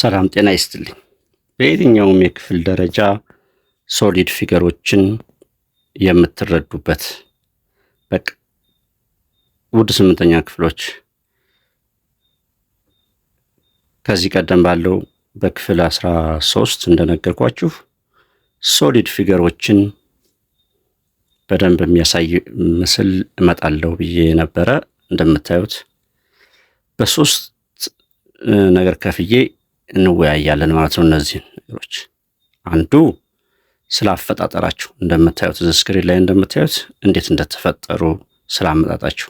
ሰላም ጤና ይስጥልኝ። በየትኛውም የክፍል ደረጃ ሶሊድ ፊገሮችን የምትረዱበት በቃ ውድ ስምንተኛ ክፍሎች ከዚህ ቀደም ባለው በክፍል አስራ ሶስት እንደነገርኳችሁ ሶሊድ ፊገሮችን በደንብ የሚያሳይ ምስል እመጣለሁ ብዬ ነበረ። እንደምታዩት በሶስት ነገር ከፍዬ እንወያያለን ማለት ነው። እነዚህ ነገሮች አንዱ ስለ አፈጣጠራቸው እንደምታዩት ስክሪን ላይ እንደምታዩት እንዴት እንደተፈጠሩ ስለ አመጣጣችሁ፣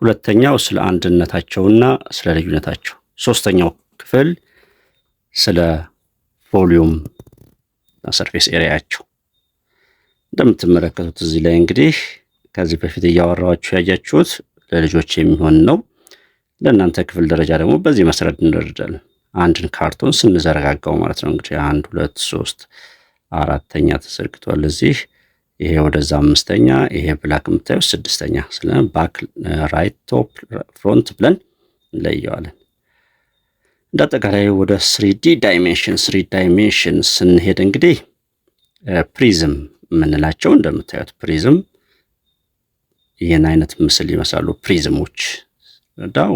ሁለተኛው ስለ አንድነታቸውና ስለ ልዩነታቸው፣ ሶስተኛው ክፍል ስለ ቮሊዩም ሰርፌስ ኤሪያቸው እንደምትመለከቱት እዚህ ላይ እንግዲህ ከዚህ በፊት እያወራኋችሁ ያያችሁት ለልጆች የሚሆን ነው። ለእናንተ ክፍል ደረጃ ደግሞ በዚህ መሰረት እንደረዳለን። አንድን ካርቶን ስንዘረጋጋው ማለት ነው። እንግዲህ አንድ ሁለት ሶስት አራተኛ ተዘርግቷል እዚህ ይሄ ወደዛ አምስተኛ ይሄ ብላክ የምታዩ ስድስተኛ ስለ ባክ ራይት ቶፕ ፍሮንት ብለን እንለየዋለን። እንደ አጠቃላይ ወደ ስሪዲ ዳይሜንሽን ስሪ ዳይሜንሽን ስንሄድ እንግዲህ ፕሪዝም የምንላቸው እንደምታዩት ፕሪዝም ይህን አይነት ምስል ይመስላሉ። ፕሪዝሞች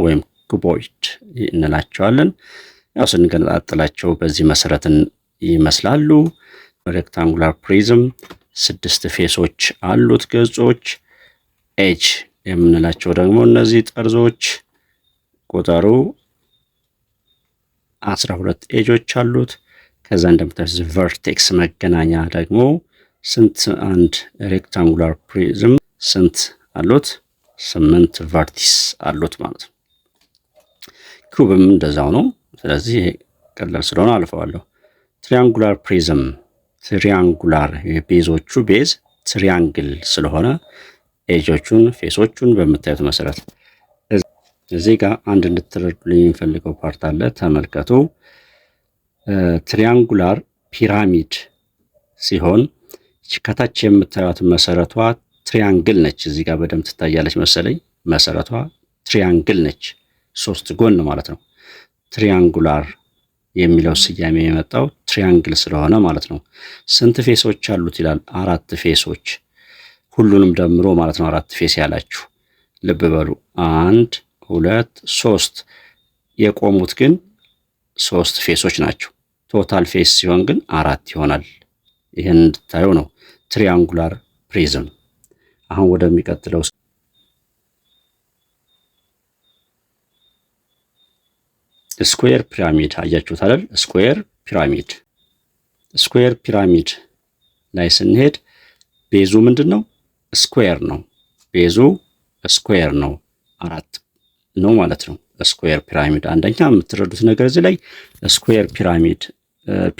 ወይም ክቦይድ እንላቸዋለን። ያው ስንገነጣጥላቸው በዚህ መሰረትን ይመስላሉ። ሬክታንጉላር ፕሪዝም ስድስት ፌሶች አሉት ገጾች። ኤጅ የምንላቸው ደግሞ እነዚህ ጠርዞች ቁጥሩ አስራ ሁለት ኤጆች አሉት። ከዛ እንደምታዩት ቨርቴክስ መገናኛ ደግሞ ስንት አንድ ሬክታንጉላር ፕሪዝም ስንት አሉት? ስምንት ቨርቲስ አሉት ማለት ነው። ኩብም እንደዛው ነው። ስለዚህ ቀላል ስለሆነ አልፈዋለሁ። ትሪያንጉላር ፕሪዝም ትሪያንጉላር የቤዞቹ ቤዝ ትሪያንግል ስለሆነ ኤጆቹን ፌሶቹን በምታዩት መሰረት እዚህ ጋር አንድ እንድትረዱልኝ የሚፈልገው ፓርት አለ። ተመልከቱ። ትሪያንጉላር ፒራሚድ ሲሆን ከታች የምታዩት መሰረቷ ትሪያንግል ነች። እዚህ ጋር በደንብ ትታያለች መሰለኝ። መሰረቷ ትሪያንግል ነች፣ ሶስት ጎን ማለት ነው። ትሪያንጉላር የሚለው ስያሜ የመጣው ትሪያንግል ስለሆነ ማለት ነው። ስንት ፌሶች አሉት ይላል? አራት ፌሶች ሁሉንም ደምሮ ማለት ነው። አራት ፌስ ያላችሁ ልብ በሉ። አንድ ሁለት ሶስት። የቆሙት ግን ሶስት ፌሶች ናቸው። ቶታል ፌስ ሲሆን ግን አራት ይሆናል። ይህን እንድታየው ነው ትሪያንጉላር ፕሪዝም። አሁን ወደሚቀጥለው ስኩዌር ፒራሚድ አያችሁት አይደል? ስኩዌር ፒራሚድ ስኩዌር ፒራሚድ ላይ ስንሄድ ቤዙ ምንድን ነው? ስኩዌር ነው። ቤዙ ስኩዌር ነው። አራት ነው ማለት ነው። ስኩዌር ፒራሚድ አንደኛ የምትረዱት ነገር እዚህ ላይ ስኩዌር ፒራሚድ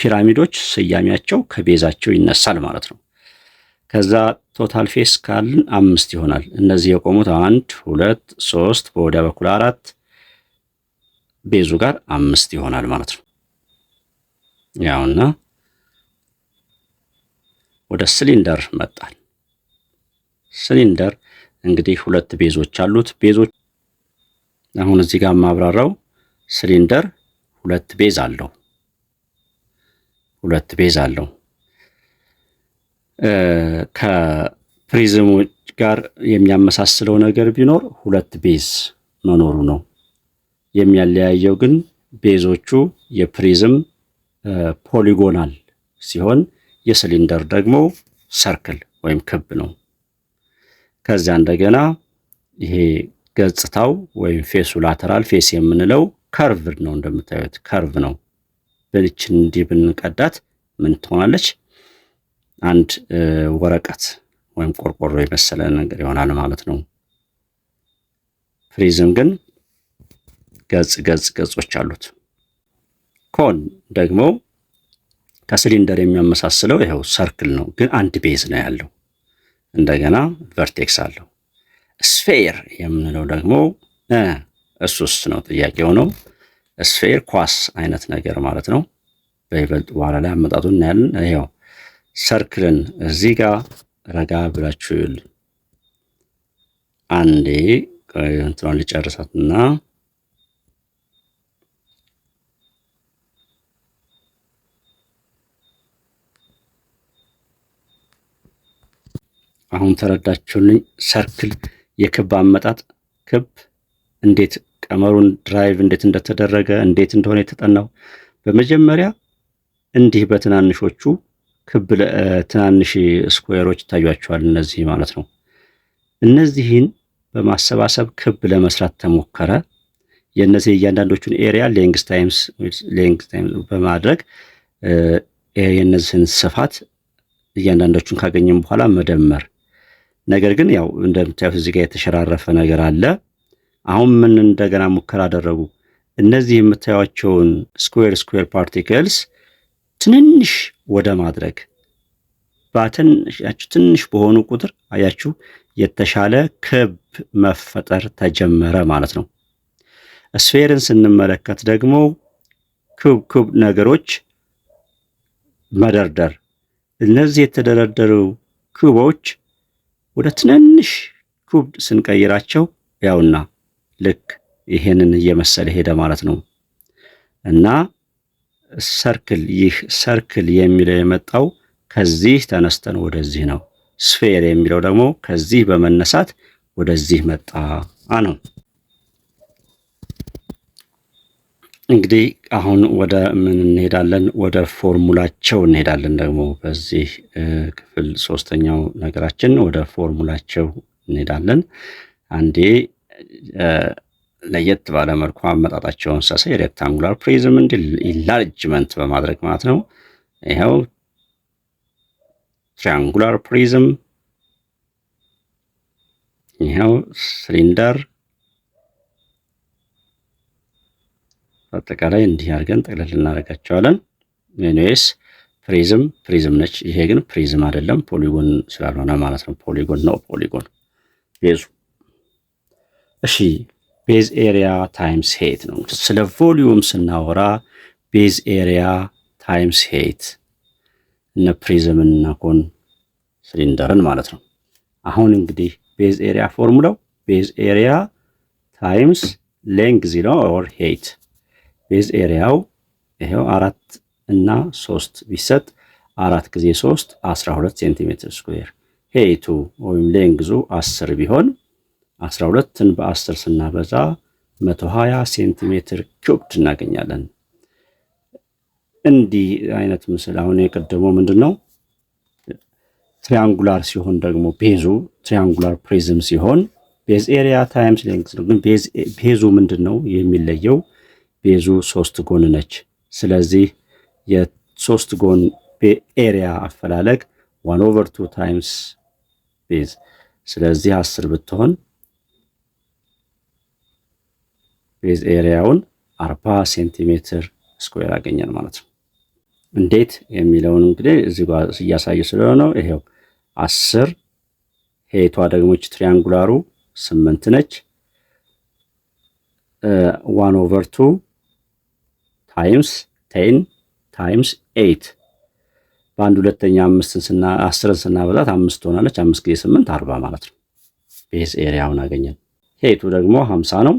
ፒራሚዶች ስያሜያቸው ከቤዛቸው ይነሳል ማለት ነው። ከዛ ቶታል ፌስ ካልን አምስት ይሆናል። እነዚህ የቆሙት አንድ ሁለት ሶስት በወዲያ በኩል አራት ቤዙ ጋር አምስት ይሆናል ማለት ነው። ያውና ወደ ሲሊንደር መጣል። ሲሊንደር እንግዲህ ሁለት ቤዞች አሉት። ቤዞች አሁን እዚህ ጋር የማብራራው ሲሊንደር ሁለት ቤዝ አለው። ሁለት ቤዝ አለው። ከፕሪዝሞች ጋር የሚያመሳስለው ነገር ቢኖር ሁለት ቤዝ መኖሩ ነው። የሚያለያየው ግን ቤዞቹ የፕሪዝም ፖሊጎናል ሲሆን የሲሊንደር ደግሞ ሰርክል ወይም ክብ ነው። ከዚያ እንደገና ይሄ ገጽታው ወይም ፌሱ ላተራል ፌስ የምንለው ከርቭ ነው። እንደምታዩት ከርቭ ነው። በልችን እንዲህ ብንቀዳት ምን ትሆናለች? አንድ ወረቀት ወይም ቆርቆሮ የመሰለ ነገር ይሆናል ማለት ነው። ፕሪዝም ግን ገጽ ገጽ ገጾች አሉት። ኮን ደግሞ ከሲሊንደር የሚያመሳስለው ይኸው ሰርክል ነው፣ ግን አንድ ቤዝ ነው ያለው። እንደገና ቨርቴክስ አለው። ስፌር የምንለው ደግሞ እሱስ ነው ጥያቄው ነው። ስፌር ኳስ አይነት ነገር ማለት ነው። በይበልጥ በኋላ ላይ አመጣጡ እናያለን። ይኸው ሰርክልን እዚህ ጋር ረጋ ብላችሁ አንዴ እንትኗን ልጨርሳትና አሁን ተረዳችሁልኝ። ሰርክል የክብ አመጣጥ ክብ እንዴት ቀመሩን ድራይቭ እንዴት እንደተደረገ እንዴት እንደሆነ የተጠናው በመጀመሪያ እንዲህ በትናንሾቹ ክብ ትናንሽ ስኩዌሮች ይታያቸዋል። እነዚህ ማለት ነው። እነዚህን በማሰባሰብ ክብ ለመስራት ተሞከረ። የእነዚህ እያንዳንዶቹን ኤሪያ ሌንግስ ታይምስ ሌንግስ ታይምስ በማድረግ የእነዚህን ስፋት እያንዳንዶቹን ካገኘም በኋላ መደመር ነገር ግን ያው እንደምታዩት እዚህ ጋር የተሸራረፈ ነገር አለ። አሁን ምን እንደገና ሙከራ አደረጉ። እነዚህ የምታዩቸውን ስኩዌር ስኩዌር ፓርቲክልስ ትንንሽ ወደ ማድረግ ባትንሽ ትንሽ በሆኑ ቁጥር አያችሁ የተሻለ ክብ መፈጠር ተጀመረ ማለት ነው። ስፌርን ስንመለከት ደግሞ ክብ ክብ ነገሮች መደርደር እነዚህ የተደረደሩ ክቦች ወደ ትንንሽ ኩብ ስንቀይራቸው ያውና ልክ ይሄንን እየመሰለ ሄደ ማለት ነው እና ሰርክል ይህ ሰርክል የሚለው የመጣው ከዚህ ተነስተን ወደዚህ ነው። ስፌር የሚለው ደግሞ ከዚህ በመነሳት ወደዚህ መጣ ነው። እንግዲህ አሁን ወደ ምን እንሄዳለን? ወደ ፎርሙላቸው እንሄዳለን። ደግሞ በዚህ ክፍል ሶስተኛው ነገራችን ወደ ፎርሙላቸው እንሄዳለን። አንዴ ለየት ባለ መልኩ አመጣጣቸውን ሳሳይ ሬክታንጉላር ፕሪዝም እንዲል ኢንላርጅመንት በማድረግ ማለት ነው። ይኸው ትሪያንጉላር ፕሪዝም፣ ይኸው ሲሊንደር አጠቃላይ እንዲህ አድርገን ጠቅለል እናደርጋቸዋለን። ሜኒዌስ ፕሪዝም ፕሪዝም ነች። ይሄ ግን ፕሪዝም አይደለም ፖሊጎን ስላልሆነ ማለት ነው። ፖሊጎን ነው ፖሊጎን ቤዙ። እሺ ቤዝ ኤሪያ ታይምስ ሄት ነው። ስለ ቮሊዩም ስናወራ ቤዝ ኤሪያ ታይምስ ሄት እነ ፕሪዝምን እና ኮን ሲሊንደርን ማለት ነው። አሁን እንግዲህ ቤዝ ኤሪያ ፎርሙላው ቤዝ ኤሪያ ታይምስ ሌንግዝ ነው ኦር ሄት ቤዝ ኤሪያው ይሄው አራት እና ሶስት ቢሰጥ አራት ጊዜ ሶስት አስራ ሁለት ሴንቲሜትር ስኩዌር ሄይቱ ወይም ሌንግዙ አስር ቢሆን አስራ ሁለትን በአስር ስናበዛ መቶ ሀያ ሴንቲሜትር ኪውብድ እናገኛለን። እንዲህ አይነት ምስል አሁን የቀደሞ ምንድን ነው ትሪያንጉላር ሲሆን ደግሞ ቤዙ ትሪያንጉላር ፕሪዝም ሲሆን ቤዝ ኤሪያ ታይምስ ሌንግዝ ነው። ግን ቤዙ ምንድን ነው የሚለየው? ቤዙ ሶስት ጎን ነች። ስለዚህ የሶስት ጎን ኤሪያ አፈላለግ ዋን ኦቨር ቱ ታይምስ ቤዝ ስለዚህ አስር ብትሆን ቤዝ ኤሪያውን አርባ ሴንቲሜትር ስኩዌር ያገኛል ማለት ነው። እንዴት የሚለውን እንግዲህ እዚህ ጋር እያሳየ ስለሆነው ይሄው አስር ሄቷ ደግሞች ትሪያንጉላሩ ስምንት ነች ዋን ኦቨር ቱ ታይምስ ቴን ታይምስ ኤይት በአንድ ሁለተኛ አምስትን አስርን ስናበዛት አምስት ትሆናለች። አምስት ጊዜ ስምንት አርባ ማለት ነው። ቤዝ ኤሪያውን አገኘን። ሄቱ ደግሞ ሀምሳ ነው።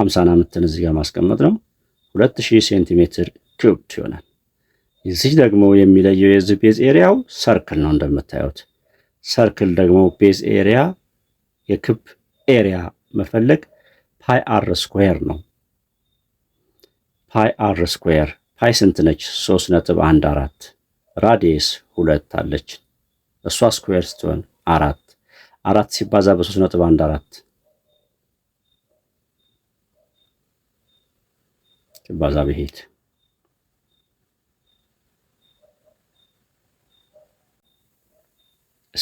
ሀምሳን አምትን እዚህ ጋር ማስቀመጥ ነው። ሁለት ሺህ ሴንቲሜትር ኪዩብ ይሆናል። እዚህ ደግሞ የሚለየው የዚህ ቤዝ ኤሪያው ሰርክል ነው እንደምታዩት። ሰርክል ደግሞ ቤዝ ኤሪያ የክብ ኤሪያ መፈለግ ፓይ አር ስኩዌር ነው። ፓይ አር ስኩዌር ፓይ ስንት ነች? አራት ራዲየስ ሁለት አለች። እሷ ስኩዌር ስትሆን አራት አራት ሲባዛ በ አራት ሲባዛ ብሄት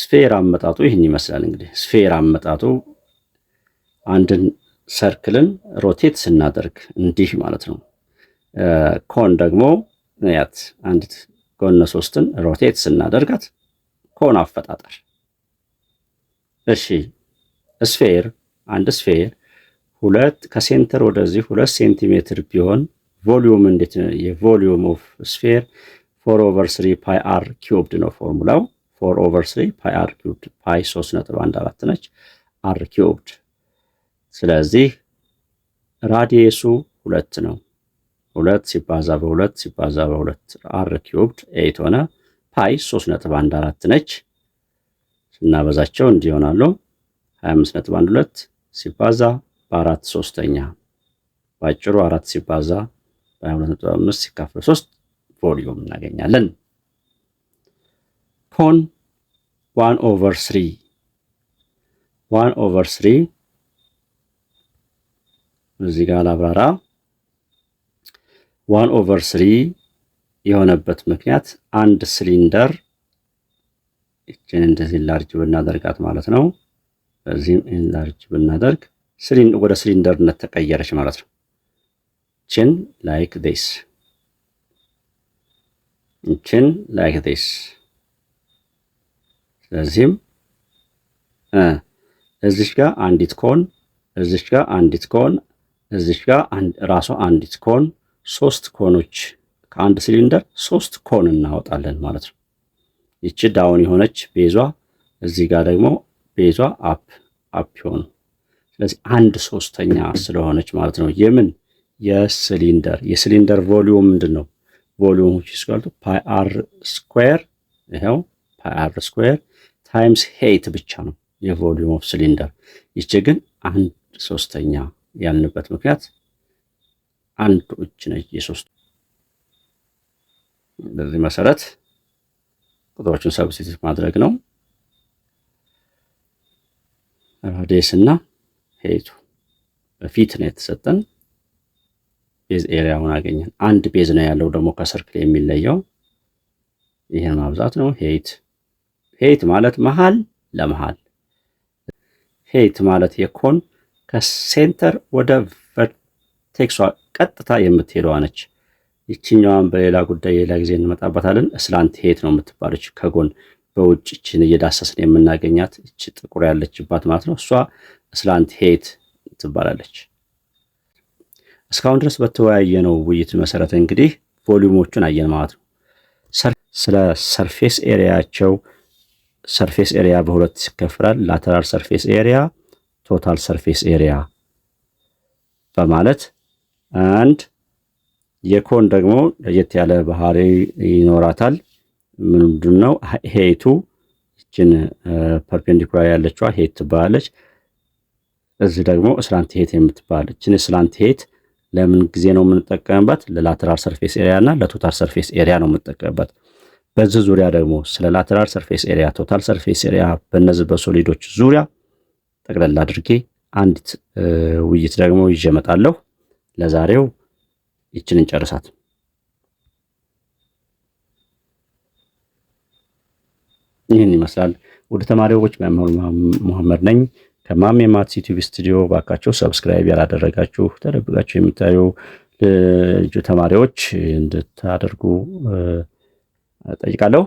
ስፌር አመጣጡ ይህን ይመስላል። እንግዲህ ስፌር አመጣጡ አንድን ሰርክልን ሮቴት ስናደርግ እንዲህ ማለት ነው። ኮን ደግሞ ያት አንዲት ጎነ ሶስትን ሮቴት ስናደርጋት ኮን አፈጣጠር። እሺ ስፌር አንድ ስፌር ሁለት ከሴንተር ወደዚህ ሁለት ሴንቲሜትር ቢሆን ቮሊዩም እንዴት የቮሊዩም ኦፍ ስፌር ፎር ኦቨር ስሪ ፓይ አር ኪዩብድ ነው ፎርሙላው። ፎር ኦቨር ስሪ ፓይ አር ኪዩብድ ፓይ ሶስት ነጥብ አንድ አራት ነች አር ኪዩብድ። ስለዚህ ራዲየሱ ሁለት ነው። ሁለት ሲባዛ በሁለት ሲባዛ በሁለት አር ኪዩብድ ኤይት ሆነ። ፓይ ሶስት ነጥብ አንድ አራት ነች። ስናበዛቸው እንዲህ ይሆናሉ። ሀያ አምስት ነጥብ አንድ ሁለት ሲባዛ በአራት ሶስተኛ በአጭሩ አራት ሲባዛ በሀያ ሁለት ነጥብ አምስት ሲካፈል ሶስት ቮሊዩም እናገኛለን። ኮን ዋን ኦቨር ስሪ ዋን ኦቨር ስሪ እዚህ ጋር ላብራራ ዋን ኦቨር ስሪ የሆነበት ምክንያት አንድ ሲሊንደር ይችን እንደዚህ ኢንላርጅ ብናደርጋት ማለት ነው። በዚህም ኢንላርጅ ብናደርግ ወደ ሲሊንደርነት ተቀየረች ማለት ነው። ችን ላይክ ዴስ ችን ላይክ ዴስ። ስለዚህም እዚች ጋር አንዲት ኮን፣ እዚች ጋር አንዲት ኮን፣ እዚች ጋር ራሷ አንዲት ኮን ሶስት ኮኖች ከአንድ ሲሊንደር ሶስት ኮን እናወጣለን ማለት ነው። ይቺ ዳውን የሆነች ቤዟ እዚህ ጋር ደግሞ ቤዟ አፕ አፕ ሆኑ። ስለዚህ አንድ ሶስተኛ ስለሆነች ማለት ነው የምን የሲሊንደር የሲሊንደር ቮሊዩም ምንድን ነው? ቮሊዩም which is equal to pi ይሄው ታይምስ ሄይት ብቻ ነው የቮሊዩም ኦፍ ሲሊንደር። ይቺ ግን አንድ ሶስተኛ ያልንበት ምክንያት አንዱ እጅ ነች የሶስቱ። በዚህ መሰረት ቁጥሮቹን ሰብስቲት ማድረግ ነው። ዴስ እና ሄቱ በፊት ነው የተሰጠን። ቤዝ ኤሪያውን አገኘን። አንድ ቤዝ ነው ያለው ደግሞ ከሰርክል የሚለየው ይህን ማብዛት ነው። ሄት ሄት ማለት መሃል ለመሃል ሄት ማለት የኮን ከሴንተር ወደ ቨርቴክሷ ቀጥታ የምትሄደዋ ነች። ይችኛዋን በሌላ ጉዳይ የሌላ ጊዜ እንመጣባታለን። እስላንት ሄት ነው የምትባለች ከጎን በውጭ እችን እየዳሰስን የምናገኛት እች ጥቁር ያለችባት ማለት ነው። እሷ እስላንት ሄት ትባላለች። እስካሁን ድረስ በተወያየነው ውይይት መሰረት እንግዲህ ቮሊዩሞቹን አየን ማለት ነው። ስለ ሰርፌስ ኤሪያቸው ሰርፌስ ኤሪያ በሁለት ይከፈላል። ላተራል ሰርፌስ ኤሪያ፣ ቶታል ሰርፌስ ኤሪያ በማለት አንድ የኮን ደግሞ ለየት ያለ ባህሪ ይኖራታል። ምንድን ነው ሄቱ ይችን ፐርፔንዲኩላር ያለችዋ ሄት ትባላለች። እዚህ ደግሞ እስላንት ሄት የምትባል ይችን እስላንት ሄት ለምን ጊዜ ነው የምንጠቀምበት ለላተራል ሰርፌስ ኤሪያ እና ለቶታል ሰርፌስ ኤሪያ ነው የምንጠቀምበት በዚህ ዙሪያ ደግሞ ስለ ላተራል ሰርፌስ ኤሪያ፣ ቶታል ሰርፌስ ኤሪያ በእነዚህ በሶሊዶች ዙሪያ ጠቅለል አድርጌ አንዲት ውይይት ደግሞ ይዤ እመጣለሁ። ለዛሬው ይችን ጨርሳት። ይህን ይመስላል። ውድ ተማሪዎች መምህር መሐመድ ነኝ ከማሜ ማትስ ሲቲቪ ስቱዲዮ። ባካችሁ ሰብስክራይብ ያላደረጋችሁ ተደብቃችሁ የምታዩ ልጁ ተማሪዎች እንድታደርጉ ጠይቃለሁ።